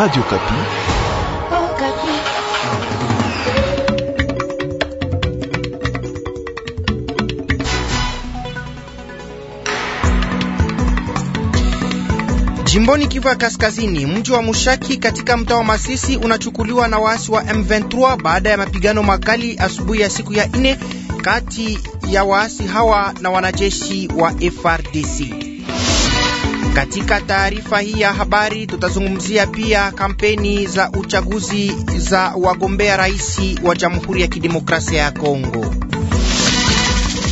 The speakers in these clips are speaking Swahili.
Radio Kapi. Oh, Kapi. Jimboni Kivu ya Kaskazini, mji wa Mushaki katika mtaa wa Masisi unachukuliwa na waasi wa M23 baada ya mapigano makali asubuhi ya siku ya nne kati ya waasi hawa na wanajeshi wa frdc katika taarifa hii ya habari tutazungumzia pia kampeni za uchaguzi za wagombea rais wa Jamhuri ya Kidemokrasia ya Kongo.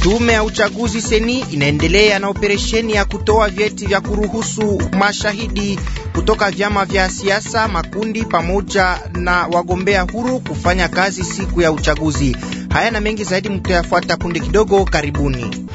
Tume ya uchaguzi seni inaendelea na operesheni ya kutoa vyeti vya kuruhusu mashahidi kutoka vyama vya siasa, makundi pamoja na wagombea huru kufanya kazi siku ya uchaguzi. Haya na mengi zaidi mtayafuata punde kidogo. Karibuni.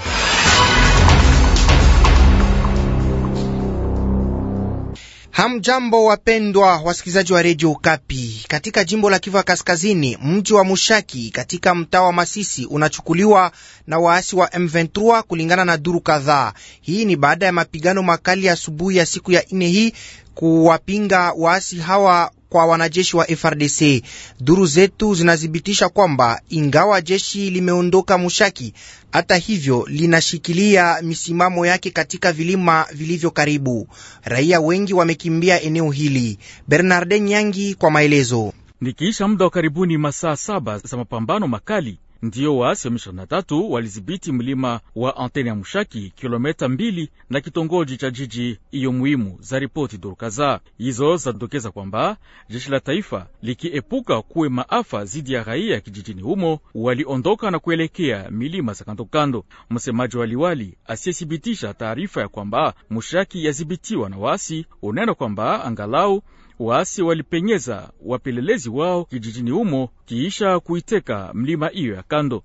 Hamjambo, wapendwa wasikilizaji wa redio Ukapi. Katika jimbo la Kivu ya Kaskazini, mji wa Mushaki katika mtaa wa Masisi unachukuliwa na waasi wa M23 kulingana na duru kadhaa. Hii ni baada ya mapigano makali asubuhi ya siku ya nne hii kuwapinga waasi hawa kwa wanajeshi wa FRDC. Duru zetu zinathibitisha kwamba ingawa jeshi limeondoka Mushaki, hata hivyo linashikilia misimamo yake katika vilima vilivyo karibu. Raia wengi wamekimbia eneo hili. Bernarde Nyangi kwa maelezo. Nikiisha muda wa karibuni masaa saba za mapambano makali Ndiyo waasi wa M23 walidhibiti mlima wa antene ya Mushaki, kilometa mbili na kitongoji cha jiji iyo muhimu, za ripoti duru kadhaa. Hizo zadokeza kwamba jeshi la taifa likiepuka kuwe maafa zidi ya raia kijijini humo, waliondoka na kuelekea milima za kandokando. Msemaji wa liwali asiyethibitisha taarifa ya kwamba Mushaki yadhibitiwa na waasi unena kwamba angalau waasi walipenyeza wapelelezi wao kijijini humo kiisha kuiteka mlima hiyo ya kando.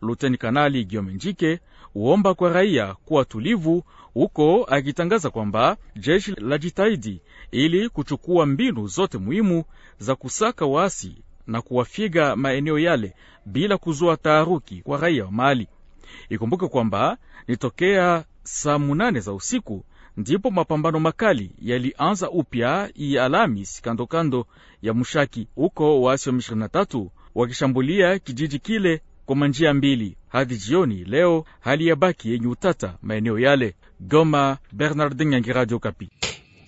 Luteni Kanali Giome Njike huomba kwa raia kuwa tulivu huko, akitangaza kwamba jeshi la jitahidi ili kuchukua mbinu zote muhimu za kusaka waasi na kuwafyiga maeneo yale bila kuzua taharuki kwa raia wa Mali. Ikumbuke kwamba nitokea saa munane za usiku ndipo mapambano makali yalianza upya iyi Alamis kandokando ya Mushaki, huko waasi wa M23 wakishambulia kijiji kile kwa manjia mbili hadi jioni leo, hali ya baki yenye utata maeneo yale. Goma, Bernardin Nyangi, Radio Kapi.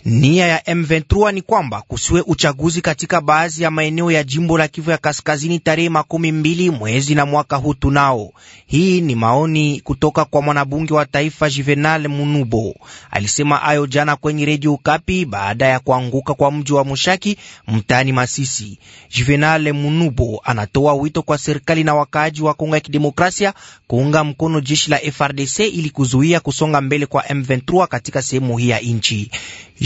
Nia ya M23 ni kwamba kusiwe uchaguzi katika baadhi ya maeneo ya jimbo la Kivu ya Kaskazini tarehe makumi mbili mwezi na mwaka huu tunao. Hii ni maoni kutoka kwa mwanabunge wa taifa Juvenal Munubo. Alisema ayo jana kwenye redio Ukapi baada ya kuanguka kwa mji wa Mushaki mtaani Masisi. Juvenal Munubo anatoa wito kwa serikali na wakaaji wa Kongo ya Kidemokrasia kuunga mkono jeshi la FRDC ili kuzuia kusonga mbele kwa M23 katika sehemu hii ya nchi.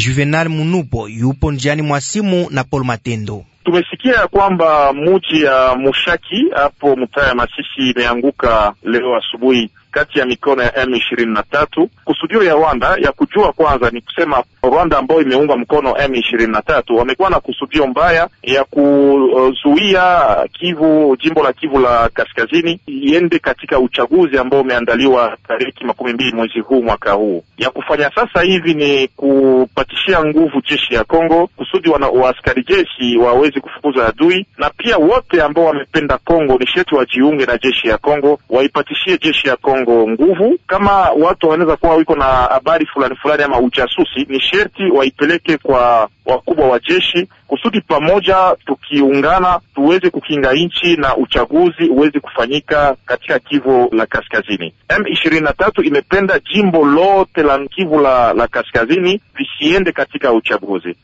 Juvenal Munupo yupo njiani mwa simu na Paul Matendo. Tumesikia ya kwamba muji ya Mushaki hapo mtaa ya Masisi imeanguka leo asubuhi kati ya mikono ya M23. Kusudio ya Rwanda ya kujua kwanza ni kusema Rwanda ambayo imeunga mkono M23 wamekuwa na kusudio mbaya ya kuzuia Kivu, jimbo la Kivu la kaskazini iende katika uchaguzi ambao umeandaliwa tariki makumi mbili mwezi huu mwaka huu. Ya kufanya sasa hivi ni kupatishia nguvu jeshi ya Kongo kusudi wana waaskari jeshi waweze kufukuza adui, na pia wote ambao wamependa Kongo nisheti wajiunge na jeshi ya Kongo, waipatishie jeshi ya Kongo Kongo nguvu. Kama watu wanaweza kuwa wiko na habari fulani fulani ama ujasusi, ni sherti waipeleke kwa wakubwa wa jeshi kusudi pamoja tukiungana tuweze kukinga nchi na uchaguzi uweze kufanyika katika Kivu la Kaskazini. M ishirini na tatu imependa jimbo lote la Kivu la, la Kaskazini lisiende katika uchaguzi.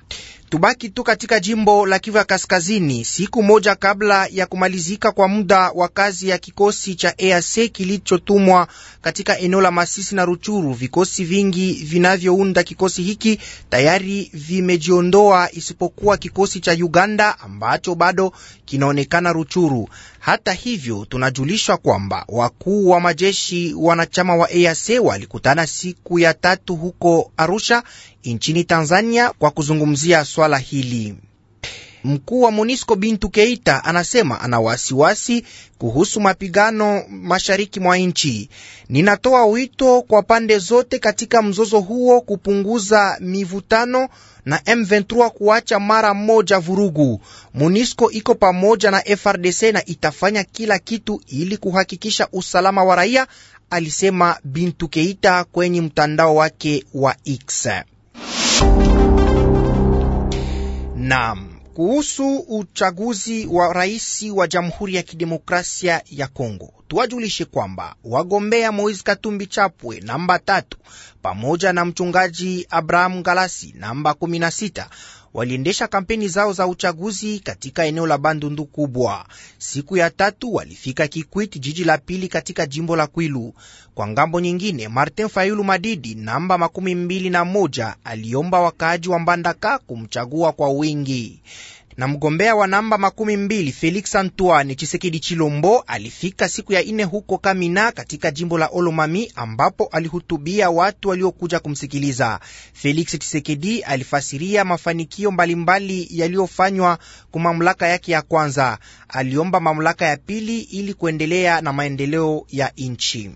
Tubaki tu katika jimbo la Kivu ya Kaskazini. Siku moja kabla ya kumalizika kwa muda wa kazi ya kikosi cha EAC kilichotumwa katika eneo la Masisi na Ruchuru, vikosi vingi vinavyounda kikosi hiki tayari vimejiondoa isipokuwa kikosi kikosi cha Uganda ambacho bado kinaonekana Ruchuru. Hata hivyo, tunajulishwa kwamba wakuu wa majeshi wanachama wa EAC walikutana siku ya tatu huko Arusha nchini Tanzania kwa kuzungumzia swala hili. Mkuu wa monisco Bintu Keita anasema ana wasiwasi kuhusu mapigano mashariki mwa nchi. Ninatoa wito kwa pande zote katika mzozo huo kupunguza mivutano na M23 kuacha mara moja vurugu. Monisco iko pamoja na FRDC na itafanya kila kitu ili kuhakikisha usalama wa raia, alisema Bintu Keita kwenye mtandao wake wa X. Naam kuhusu uchaguzi wa rais wa Jamhuri ya Kidemokrasia ya Kongo, tuwajulishe kwamba wagombea Moise Katumbi Chapwe namba tatu pamoja na mchungaji Abrahamu Galasi namba sita waliendesha kampeni zao za uchaguzi katika eneo la Bandundu kubwa. Siku ya tatu walifika Kikwit, jiji la pili katika jimbo la Kwilu. Kwa ngambo nyingine, Martin Fayulu Madidi namba makumi mbili na moja aliomba wakaaji wa Mbandaka kumchagua kwa wingi na mgombea wa namba makumi mbili Felix Antoine Chisekedi Chilombo alifika siku ya ine huko Kamina katika jimbo la Olomami ambapo alihutubia watu waliokuja kumsikiliza. Felix Chisekedi alifasiria mafanikio mbalimbali yaliyofanywa kwa mamlaka yake ya kwanza. Aliomba mamlaka ya pili ili kuendelea na maendeleo ya nchi.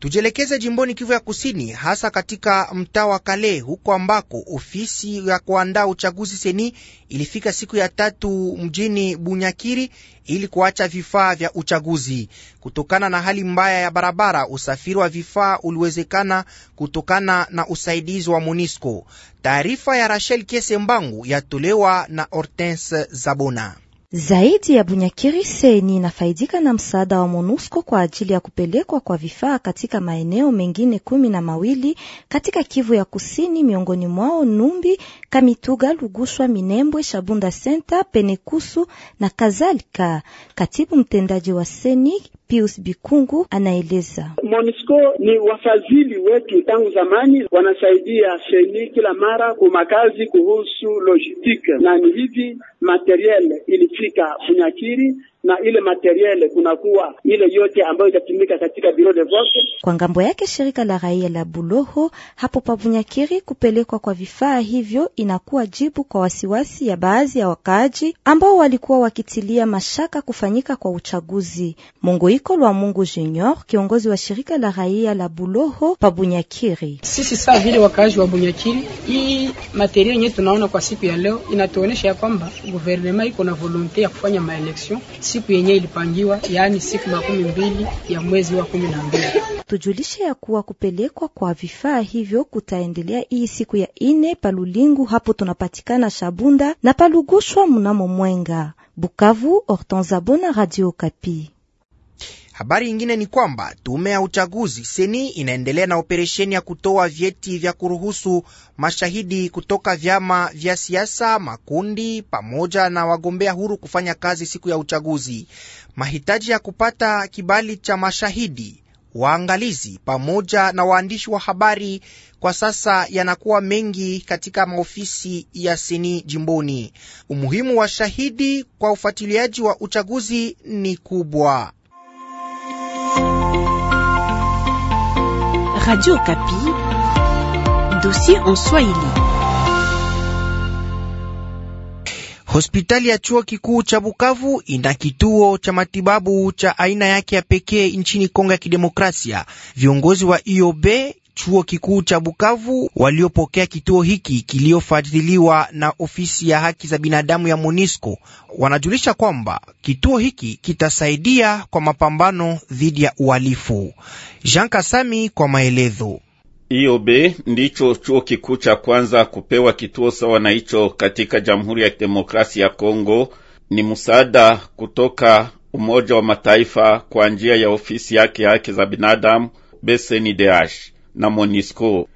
Tujielekeze jimboni Kivu ya Kusini, hasa katika mtaa wa Kale, huko ambako ofisi ya kuandaa uchaguzi seni ilifika siku ya tatu mjini Bunyakiri ili kuacha vifaa vya uchaguzi. Kutokana na hali mbaya ya barabara, usafiri wa vifaa uliwezekana kutokana na usaidizi wa MONUSCO. Taarifa ya Rachel kesembangu yatolewa na Hortense Zabona. Zaidi ya seni inafaidika na msaada wa MONUSCO kwa ajili ya kupelekwa kwa vifaa katika maeneo mengine kumi na mawili katika Kivu ya Kusini, miongoni mwao Numbi Kamituga, Lugushwa, Minembwe, Shabunda Senta, Penekusu na kadhalika. Katibu mtendaji wa seni Pius Bikungu anaeleza monisco ni wafadhili wetu tangu zamani, wanasaidia seni kila mara kumakazi kuhusu logistike na ni hivi materiel ilifika Bunyakiri na ile materiele kunakuwa ile yote ambayo itatumika katika bureau de vote. Kwa ngambo yake shirika la raia la Buloho hapo Pavunyakiri, kupelekwa kwa vifaa hivyo inakuwa jibu kwa wasiwasi ya baadhi ya wakaaji ambao walikuwa wakitilia mashaka kufanyika kwa uchaguzi. mungu iko Lwa Mungu Junior, kiongozi wa shirika la raia la Buloho Pabunyakiri: sisi saa vile wakaaji wa Bunyakiri, hii materia yenyewe tunaona kwa siku ya leo inatuonyesha ya kwamba guvernema iko na volonte ya kufanya maeleksio si siku yenye ilipangiwa, yaani siku makumi mbili ya mwezi wa kumi na mbili. Tujulishe ya kuwa kupelekwa kwa vifaa hivyo kutaendelea hii siku ya ine palulingu, hapo tunapatikana Shabunda na palugushwa mnamo Mwenga, Bukavu. Hortense Abona, Radio Kapi. Habari nyingine ni kwamba tume ya uchaguzi seni inaendelea na operesheni ya kutoa vyeti vya kuruhusu mashahidi kutoka vyama vya siasa, makundi pamoja na wagombea huru kufanya kazi siku ya uchaguzi. Mahitaji ya kupata kibali cha mashahidi waangalizi pamoja na waandishi wa habari kwa sasa yanakuwa mengi katika maofisi ya seni jimboni. Umuhimu wa shahidi kwa ufuatiliaji wa uchaguzi ni kubwa. Radio Okapi, dossier en Swahili. Hospitali ya chuo kikuu cha Bukavu ina kituo cha matibabu cha aina yake ya pekee nchini Kongo ya Kidemokrasia. Viongozi wa IOB chuo kikuu cha Bukavu waliopokea kituo hiki kiliyofadhiliwa na ofisi ya haki za binadamu ya MONUSCO wanajulisha kwamba kituo hiki kitasaidia kwa mapambano dhidi ya uhalifu. Jean Kasami kwa maelezo. IOB ndicho chuo kikuu cha kwanza kupewa kituo sawa na hicho katika Jamhuri ya Demokrasia ya Kongo. Ni msaada kutoka Umoja wa Mataifa kwa njia ya ofisi yake haki za binadamu BCNDH na MONUSCO.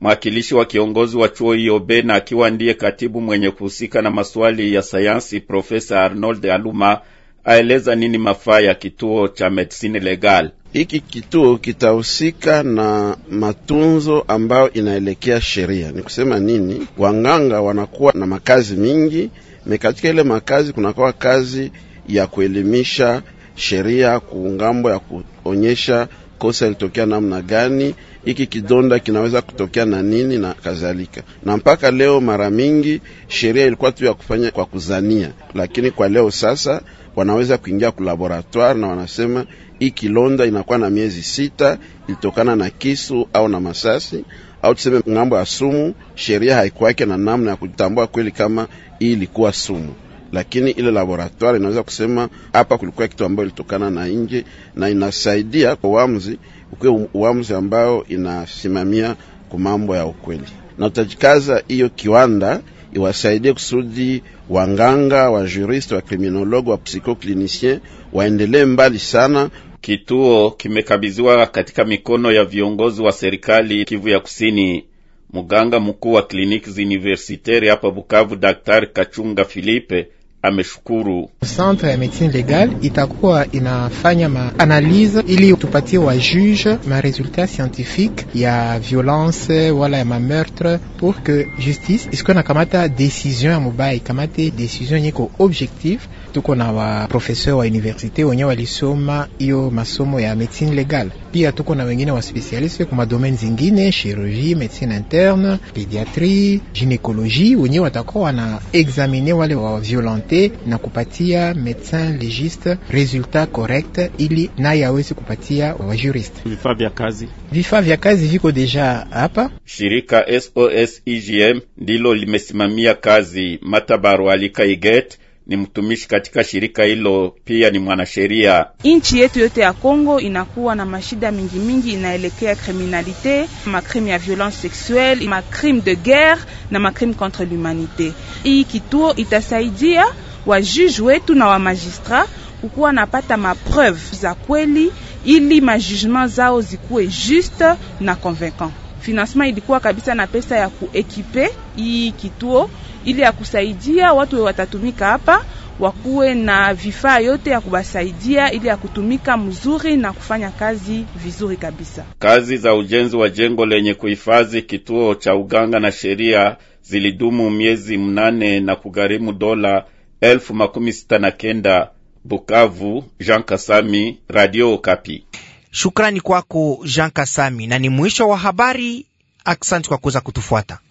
Mwakilishi wa kiongozi wa chuo hiyo bena akiwa ndiye katibu mwenye kuhusika na maswali ya sayansi, Profesa Arnold Aluma aeleza nini mafaa ya kituo cha medisine legal. Hiki kituo kitahusika na matunzo ambayo inaelekea sheria. Ni kusema nini, wanganga wanakuwa na makazi mingi me, katika ile makazi kunakuwa kazi ya kuelimisha sheria kuungambo ya kuonyesha kosa ilitokea namna gani, hiki kidonda kinaweza kutokea na nini na kadhalika. Na mpaka leo mara mingi sheria ilikuwa tu ya kufanya kwa kuzania, lakini kwa leo sasa wanaweza kuingia ku laboratoire na wanasema hii kilonda inakuwa na miezi sita, ilitokana na kisu au na masasi au tuseme ng'ambo ya sumu. Sheria haikuwake na namna ya kujitambua kweli kama hii ilikuwa sumu lakini ile laboratoire inaweza kusema hapa kulikuwa kitu ambayo ilitokana na nje, na inasaidia kwa uamuzi ukiwa uamuzi ambao inasimamia kwa mambo ya ukweli, na utajikaza hiyo kiwanda iwasaidie kusudi wanganga wa juriste wa kriminologe wa psychoclinicien waendelee mbali sana. Kituo kimekabidhiwa katika mikono ya viongozi wa serikali Kivu ya Kusini. Mganga mkuu wa kliniki universitari hapa Bukavu, Daktari Kachunga Philippe ameshukuru. Centre ya medecine legale itakuwa inafanya maanalize ili tupatie wa juge maresultat scientifique ya violence wala ya mameurtre pour que justice isikuwe nakamata decision ya mubaya ikamate decision yenye ko objectif tuko na waprofeseur wa universite wenye walisoma hiyo masomo ya medicine legale. Pia tuko na wengine wa specialiste kwa madomaine zingine, chirurgie, medicine interne, pediatrie, ginekologie, wenye watakuwa wana examine wale wa violente na kupatia medecin legiste resultat correct, ili naye awezi kupatia wa juriste. Vifaa vya kazi, vifaa vya kazi viko deja hapa. Shirika SOS EGM ndilo limesimamia kazi. Matabaru alikaiget ni mtumishi katika shirika hilo, pia ni mwanasheria. Nchi yetu yote ya Kongo inakuwa na mashida mingi mingi, inaelekea kriminalite, makrime ya violence sexuelle, makrime de guerre na makrime contre l'humanité. Hii kituo itasaidia wajuji wetu na wamagistra kukuwa napata mapreuve za kweli, ili majugement zao zikuwe juste na convaincant. Financement ilikuwa kabisa na pesa ya kuekipe hii kituo ili ya kusaidia watu watatumika hapa, wakuwe na vifaa yote ya kubasaidia ili ya kutumika mzuri na kufanya kazi vizuri kabisa. Kazi za ujenzi wa jengo lenye kuhifadhi kituo cha uganga na sheria zilidumu miezi mnane na kugharimu dola elfu makumi sita na kenda. Bukavu, Jean Kasami, Radio Okapi. Shukrani kwako Jean Kasami, na ni mwisho wa habari. Aksanti kwa kuweza kutufuata.